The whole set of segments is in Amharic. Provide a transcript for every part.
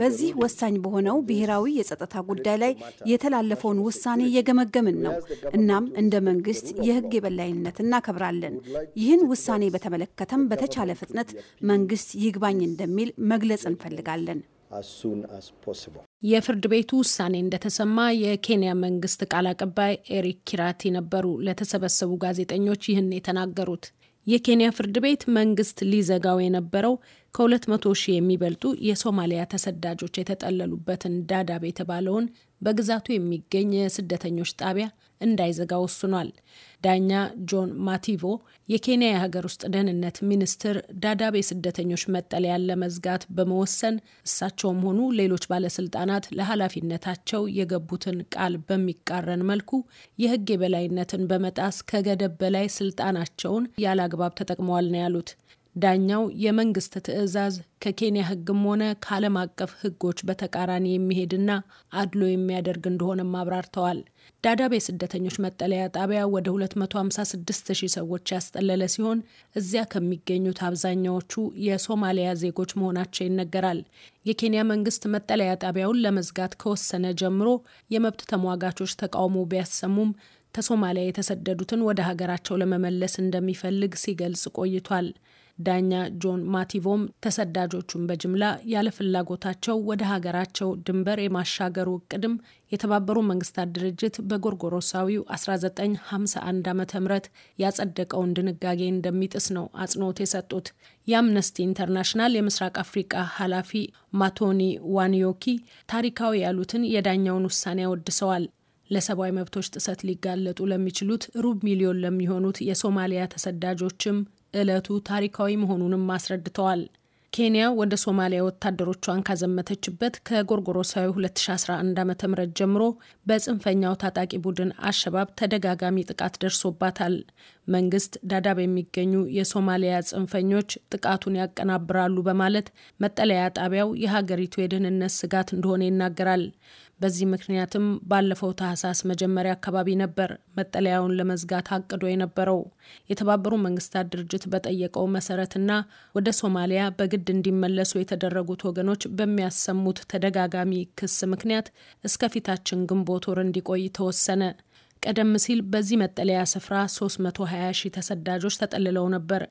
በዚህ ወሳኝ በሆነው ብሔራዊ የጸጥታ ጉዳይ ላይ የተላለፈውን ውሳኔ እየገመገምን ነው። እናም እንደ መንግስት የህግ የበላይነት እናከብራለን። ይህን ውሳኔ በተመለከተም በተቻለ ፍጥነት መንግስት ይግባኝ እንደሚል መግለጽ እንፈልጋለን። የፍርድ ቤቱ ውሳኔ እንደተሰማ የኬንያ መንግስት ቃል አቀባይ ኤሪክ ኪራቲ ነበሩ ለተሰበሰቡ ጋዜጠኞች ይህን የተናገሩት። የኬንያ ፍርድ ቤት መንግስት ሊዘጋው የነበረው ከ200 ሺህ የሚበልጡ የሶማሊያ ተሰዳጆች የተጠለሉበትን ዳዳብ የተባለውን በግዛቱ የሚገኝ የስደተኞች ጣቢያ እንዳይዘጋ ወስኗል። ዳኛ ጆን ማቲቮ የኬንያ የሀገር ውስጥ ደህንነት ሚኒስትር ዳዳብ የስደተኞች መጠለያን ለመዝጋት በመወሰን እሳቸውም ሆኑ ሌሎች ባለስልጣናት ለኃላፊነታቸው የገቡትን ቃል በሚቃረን መልኩ የሕግ የበላይነትን በመጣስ ከገደብ በላይ ስልጣናቸውን ያለ አግባብ ተጠቅመዋል ነው ያሉት። ዳኛው የመንግስት ትዕዛዝ ከኬንያ ሕግም ሆነ ከዓለም አቀፍ ህጎች በተቃራኒ የሚሄድና አድሎ የሚያደርግ እንደሆነም አብራርተዋል። ዳዳብ የስደተኞች መጠለያ ጣቢያ ወደ 256000 ሰዎች ያስጠለለ ሲሆን እዚያ ከሚገኙት አብዛኛዎቹ የሶማሊያ ዜጎች መሆናቸው ይነገራል። የኬንያ መንግስት መጠለያ ጣቢያውን ለመዝጋት ከወሰነ ጀምሮ የመብት ተሟጋቾች ተቃውሞ ቢያሰሙም ከሶማሊያ የተሰደዱትን ወደ ሀገራቸው ለመመለስ እንደሚፈልግ ሲገልጽ ቆይቷል። ዳኛ ጆን ማቲቮም ተሰዳጆቹን በጅምላ ያለ ፍላጎታቸው ወደ ሀገራቸው ድንበር የማሻገሩ እቅድም የተባበሩ መንግስታት ድርጅት በጎርጎሮሳዊው 1951 ዓ ም ያጸደቀውን ድንጋጌ እንደሚጥስ ነው አጽንኦት የሰጡት። የአምነስቲ ኢንተርናሽናል የምስራቅ አፍሪቃ ኃላፊ ማቶኒ ዋንዮኪ ታሪካዊ ያሉትን የዳኛውን ውሳኔ አወድሰዋል። ለሰብአዊ መብቶች ጥሰት ሊጋለጡ ለሚችሉት ሩብ ሚሊዮን ለሚሆኑት የሶማሊያ ተሰዳጆችም ዕለቱ ታሪካዊ መሆኑንም አስረድተዋል። ኬንያ ወደ ሶማሊያ ወታደሮቿን ካዘመተችበት ከጎርጎሮሳዊ 2011 ዓ ም ጀምሮ በጽንፈኛው ታጣቂ ቡድን አሸባብ ተደጋጋሚ ጥቃት ደርሶባታል። መንግስት ዳዳብ የሚገኙ የሶማሊያ ጽንፈኞች ጥቃቱን ያቀናብራሉ በማለት መጠለያ ጣቢያው የሀገሪቱ የደህንነት ስጋት እንደሆነ ይናገራል። በዚህ ምክንያትም ባለፈው ታህሳስ መጀመሪያ አካባቢ ነበር መጠለያውን ለመዝጋት አቅዶ የነበረው። የተባበሩ መንግስታት ድርጅት በጠየቀው መሰረትና ወደ ሶማሊያ በግድ እንዲመለሱ የተደረጉት ወገኖች በሚያሰሙት ተደጋጋሚ ክስ ምክንያት እስከፊታችን ግንቦት ወር እንዲቆይ ተወሰነ። ቀደም ሲል በዚህ መጠለያ ስፍራ 320 ሺህ ተሰዳጆች ተጠልለው ነበር።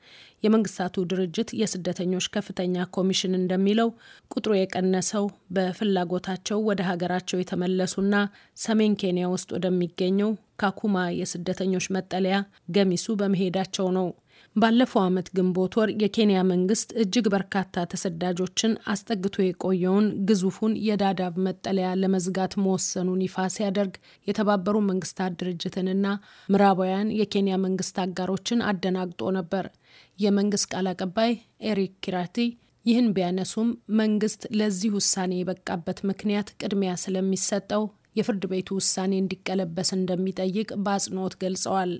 የመንግስታቱ ድርጅት የስደተኞች ከፍተኛ ኮሚሽን እንደሚለው ቁጥሩ የቀነሰው በፍላጎታቸው ወደ ሀገራቸው የተመለሱና ሰሜን ኬንያ ውስጥ ወደሚገኘው ካኩማ የስደተኞች መጠለያ ገሚሱ በመሄዳቸው ነው። ባለፈው ዓመት ግንቦት ወር የኬንያ መንግስት እጅግ በርካታ ተሰዳጆችን አስጠግቶ የቆየውን ግዙፉን የዳዳብ መጠለያ ለመዝጋት መወሰኑን ይፋ ሲያደርግ የተባበሩ መንግስታት ድርጅትንና ምዕራባውያን የኬንያ መንግስት አጋሮችን አደናግጦ ነበር። የመንግስት ቃል አቀባይ ኤሪክ ኪራቲ ይህን ቢያነሱም መንግስት ለዚህ ውሳኔ የበቃበት ምክንያት ቅድሚያ ስለሚሰጠው የፍርድ ቤቱ ውሳኔ እንዲቀለበስ እንደሚጠይቅ በአጽንኦት ገልጸዋል።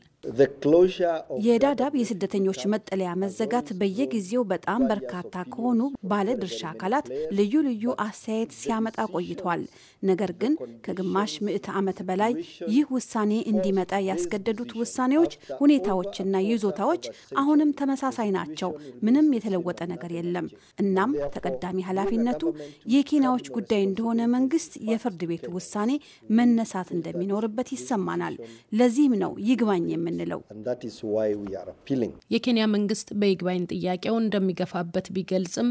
የዳዳብ የስደተኞች መጠለያ መዘጋት በየጊዜው በጣም በርካታ ከሆኑ ባለድርሻ አካላት ልዩ ልዩ አስተያየት ሲያመጣ ቆይቷል። ነገር ግን ከግማሽ ምዕተ ዓመት በላይ ይህ ውሳኔ እንዲመጣ ያስገደዱት ውሳኔዎች፣ ሁኔታዎችና ይዞታዎች አሁንም ተመሳሳይ ናቸው። ምንም የተለወጠ ነገር የለም። እናም ተቀዳሚ ኃላፊነቱ የኬንያዎች ጉዳይ እንደሆነ መንግስት የፍርድ ቤቱ ውሳኔ መነሳት እንደሚኖርበት ይሰማናል። ለዚህም ነው ይግባኝ የምን የምንለው። የኬንያ መንግስት በይግባኝ ጥያቄው እንደሚገፋበት ቢገልጽም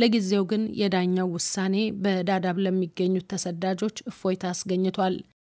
ለጊዜው ግን የዳኛው ውሳኔ በዳዳብ ለሚገኙት ተሰዳጆች እፎይታ አስገኝቷል።